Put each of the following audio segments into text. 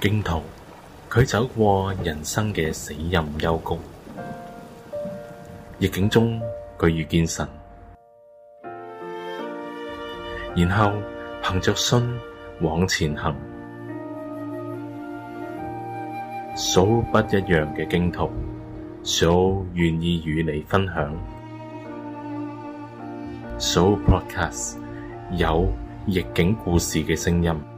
荊徒，佢走過人生嘅死蔭幽谷，逆境中佢遇見神，然後憑着信往前行。Sooo 不一樣嘅荊徒，Sooo 願意與你分享。Sooopodcast 有逆境故事嘅聲音。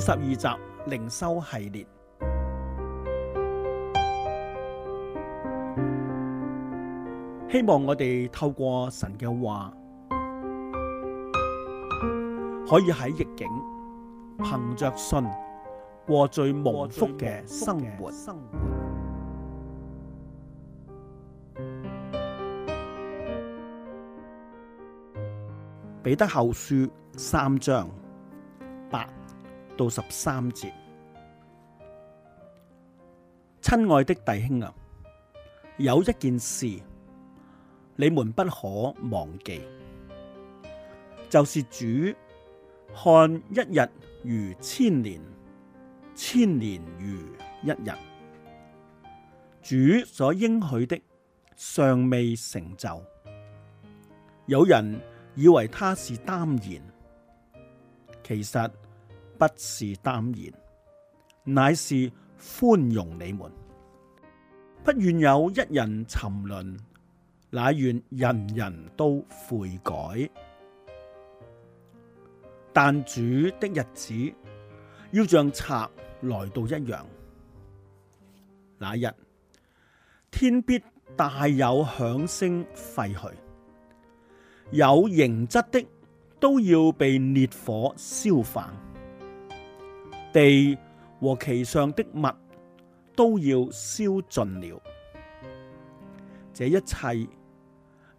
十二集靈修系列，希望我哋透過神嘅話，可以喺逆境，憑着信過最蒙福嘅生活。生活彼得後書三章八，到十三節，親愛的弟兄啊，有一件事你們不可忘記，就是主看一日如千年，千年如一日。主所應許的尚未成就，有人以為他是耽延，其實。不是耽延，乃是寬容你們。不願有一人沉淪，乃願人人都悔改。但主的日子要像賊來到一樣，那日天必大有響聲廢去，有形質的都要被烈火銷化。地和其上的物都要燒盡了。這一切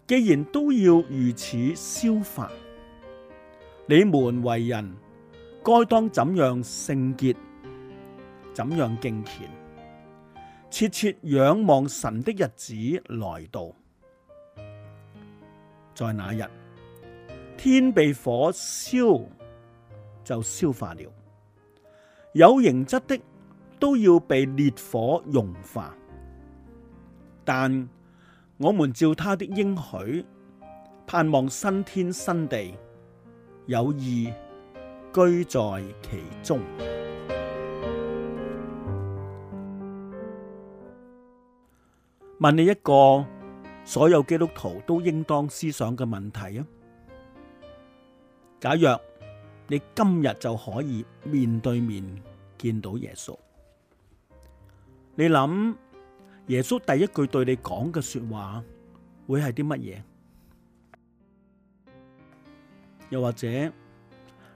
既然都要如此消化，你們為人該當怎樣聖潔，怎樣敬虔，切切仰望神的日子來到。在那日，天被火燒就消化了。有形質的都要被烈火融化，但我們照他的應許，盼望新天新地，有義居在其中。問你一個所有基督徒都應當思想嘅問題啊，假若你今日就可以面對面見到耶穌。你諗耶穌第一句對你講嘅說話會係啲乜嘢？又或者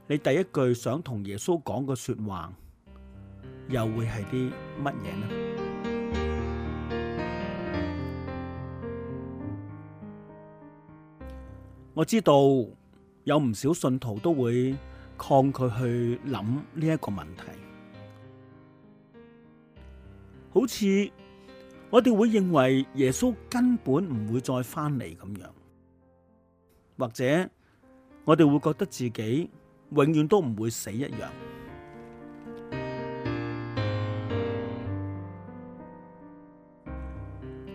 你第一句想同耶穌講嘅說話又會係啲乜嘢呢？我知道有唔少信徒都會。抗拒去諗呢一個問題，好似我哋會認為耶穌根本唔會再翻嚟咁樣，或者我哋會覺得自己永遠都唔會死一樣。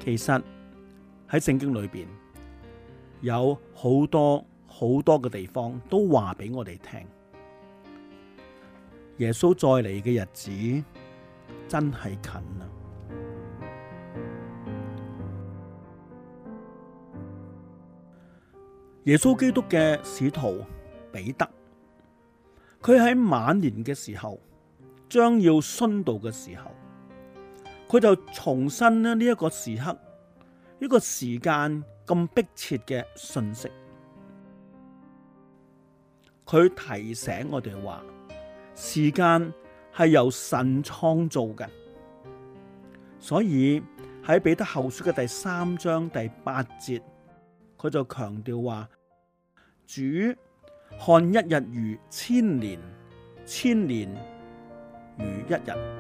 其實喺聖經裏邊有好多好多嘅地方都話俾我哋聽。耶穌再嚟嘅日子真係近啦！耶穌基督嘅使徒彼得，佢喺晚年嘅時候，將要殉道嘅時候，佢就重申呢一個時刻，一個時間咁迫切嘅信息，佢提醒我哋話。時間係由神創造嘅，所以喺彼得後書嘅第三章第八節，佢就強調話：主看一日如千年，千年如一日。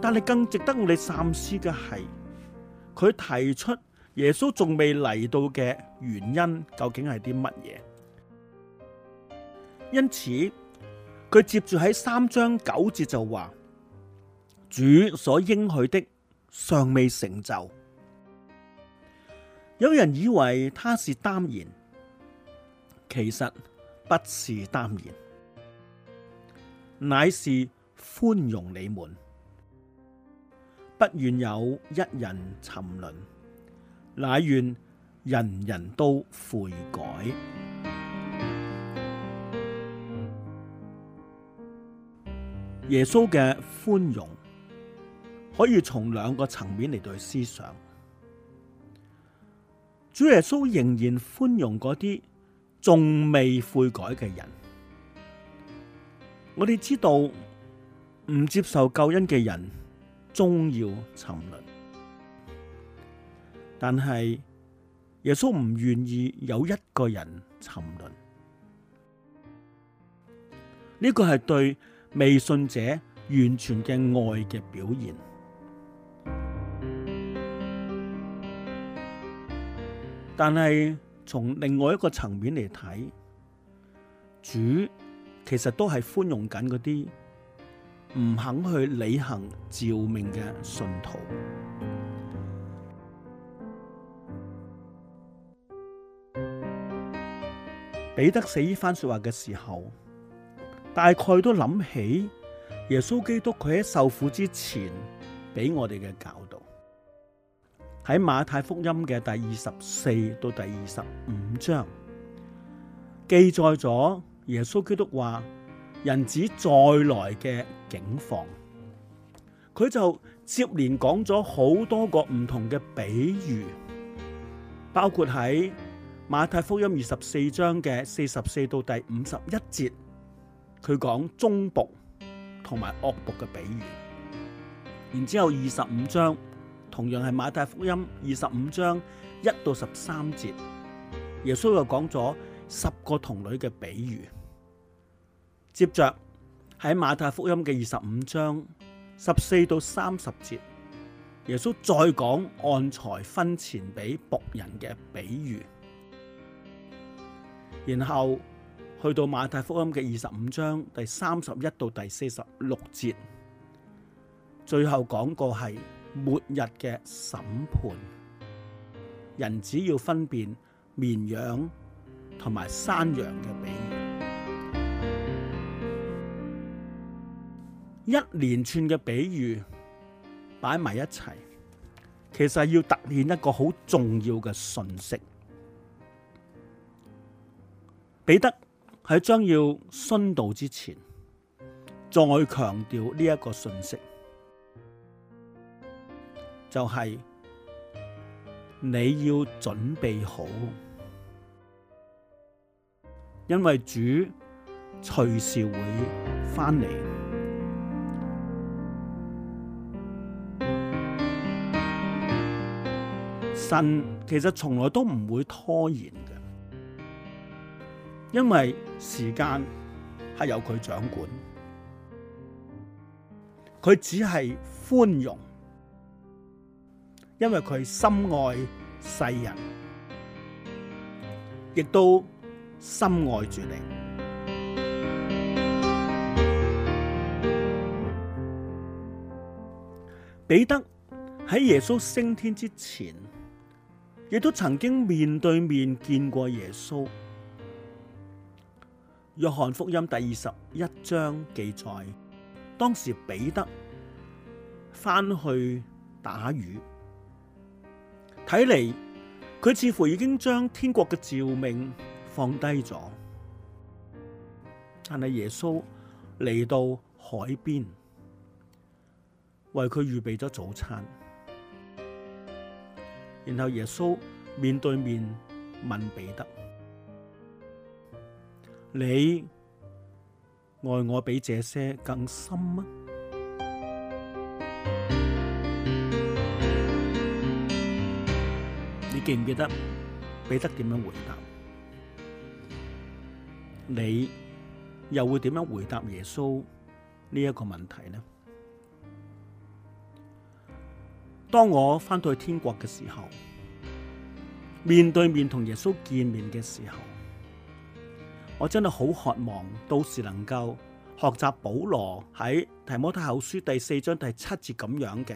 但係更值得我哋三思嘅係，佢提出。耶穌仲未嚟到嘅原因究竟係啲乜嘢？因此佢接住喺三章九節就話：主所應許的尚未成就。有人以為他是耽延，其實不是耽延，乃是寬容你們，不願有一人沉淪。乃願人人都悔改。耶穌嘅寬容可以從兩個層面嚟到思想。主耶穌仍然寬容嗰啲仲未悔改嘅人。我哋知道唔接受救恩嘅人終要沉淪。但係耶穌唔願意有一個人沉淪，呢個係對未信者完全嘅愛嘅表現。但係從另外一個層面嚟睇，主其實都係寬容緊嗰啲唔肯去履行召命嘅信徒。彼得說呢番說話嘅時候，大概都諗起耶穌基督佢喺受苦之前俾我哋嘅教導，喺馬太福音嘅第二十四到第二十五章記載咗耶穌基督話人子再來嘅境況，佢就接連講咗好多個唔同嘅比喻，包括喺。馬太福音二十四章嘅四十四到第五十一節，佢講忠僕同埋惡僕嘅比喻。然之後二十五章同樣係馬太福音二十五章一到十三節，耶穌又講咗十個童女嘅比喻。接着喺馬太福音嘅二十五章十四到三十節，耶穌再講按才分錢俾僕人嘅比喻。然後去到馬太福音嘅二十五章第三十一到第四十六節，最後講過係末日嘅審判，人只要分辨綿羊同埋山羊嘅比喻，一連串嘅比喻擺埋一齊，其實係要突顯一個好重要嘅信息。彼得喺將要殉道之前，再強調呢一個信息，就係你要準備好，因為主隨時會翻嚟。神其實從來都唔會拖延。因為時間係由佢掌管，佢只係寬容，因為佢深愛世人，亦都深愛住你。彼得喺耶穌升天之前，亦都曾經面對面見過耶穌。約翰福音第二十一章記載，當時彼得返去打魚，睇嚟，佢似乎已經將天國嘅召命放低咗。但係耶穌嚟到海邊，為佢預備咗早餐，然後耶穌面對面問彼得，你愛我比這些更深嗎？你記唔記得彼得點樣回答？你又會點樣回答耶穌呢一個問題呢？當我翻到去天國嘅時候，面對面同耶穌見面嘅時候。我真係好渴望，到時能夠學習保羅喺提摩太後書第四章第七節咁樣嘅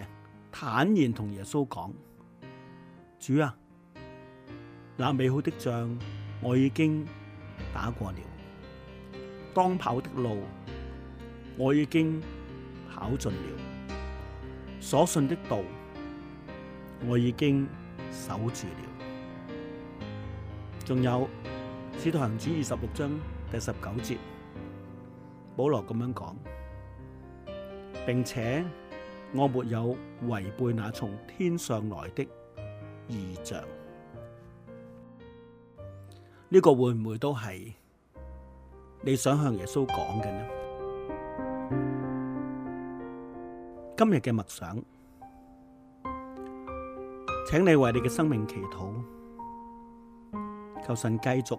坦然同耶穌講：主啊，那美好的仗我已經打過了，當跑的路我已經跑盡了，所信的道我已經守住了。仲有。使徒行傳二十六章第十九節，保羅咁樣講，並且我沒有違背那從天上來的異象。呢個會唔會都係你想向耶穌講嘅呢？今日嘅默想，請你為你嘅生命祈禱，求神繼續。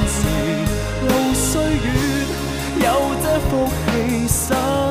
福氣深。